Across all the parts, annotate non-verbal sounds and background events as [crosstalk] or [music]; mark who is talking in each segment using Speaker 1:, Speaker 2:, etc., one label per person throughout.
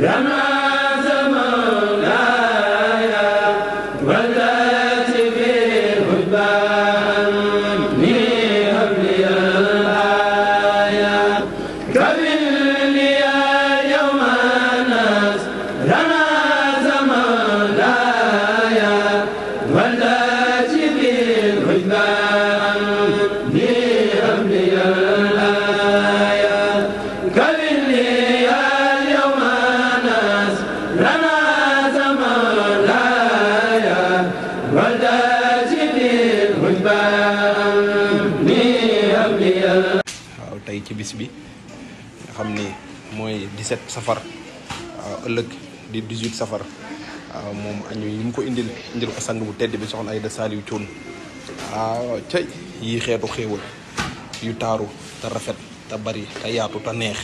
Speaker 1: Raman waaw
Speaker 2: tey ci bis bi nga xam ni mooy set safar waaw ëllëg di 18 safar waaw moom añu yi mu ko indil indil ko sang bu tedd bi soxna Aïda Saliou Thioune waaw cay yi xeetu xéewal yu taaru te rafet te bari te yaatu te neex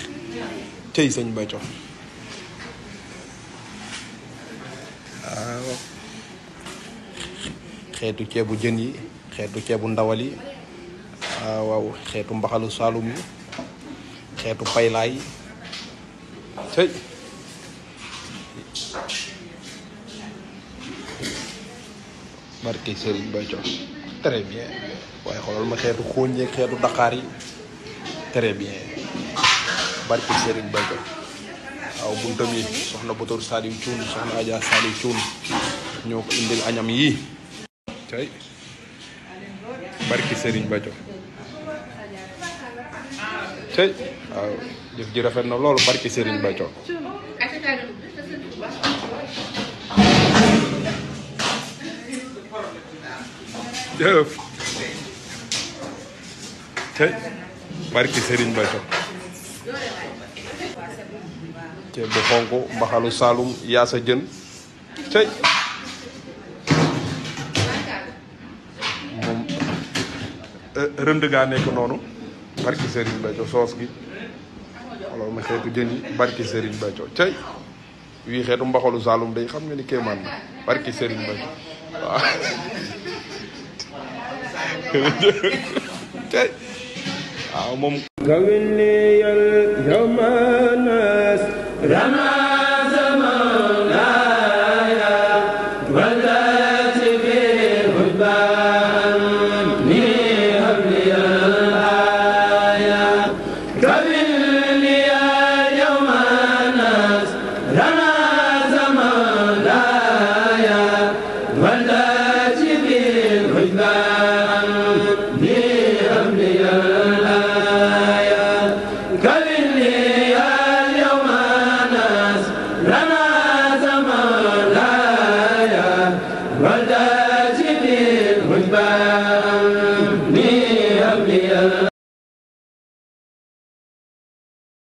Speaker 2: cëy sëñ Béthio waaw xeetu ceebu jën yi xeetu ceebu ndawal yi waaw xeetu mbaxalu saalum yi xeetu paylaay yi cëy barke Serigne Béthio très bien waaye xoolal ma xeetu xóoñ yeeg xeetu daqaar yi très bien barki serigne bayko aw buntam yi soxna botor saliw ciun soxna adja saliw ciun ñoko indil añam yi tay barki serigne bayko tay aw def ji rafet na lool barki serigne bayko Jeff. Take. barki sëriñ Bacso ceeb bu xonk mbaxalu Saalum yaasa jën cey moom eh, rënd gaa nekk noonu barki Serigne Bacso soos gi alors ma xeetu jën yi barki Serigne Bacso cey wii xeetu mbaxalu Saalum day xam nga ni kéemaan na barki Serigne Bacso [laughs] cey waaw moom Ramas
Speaker 1: أن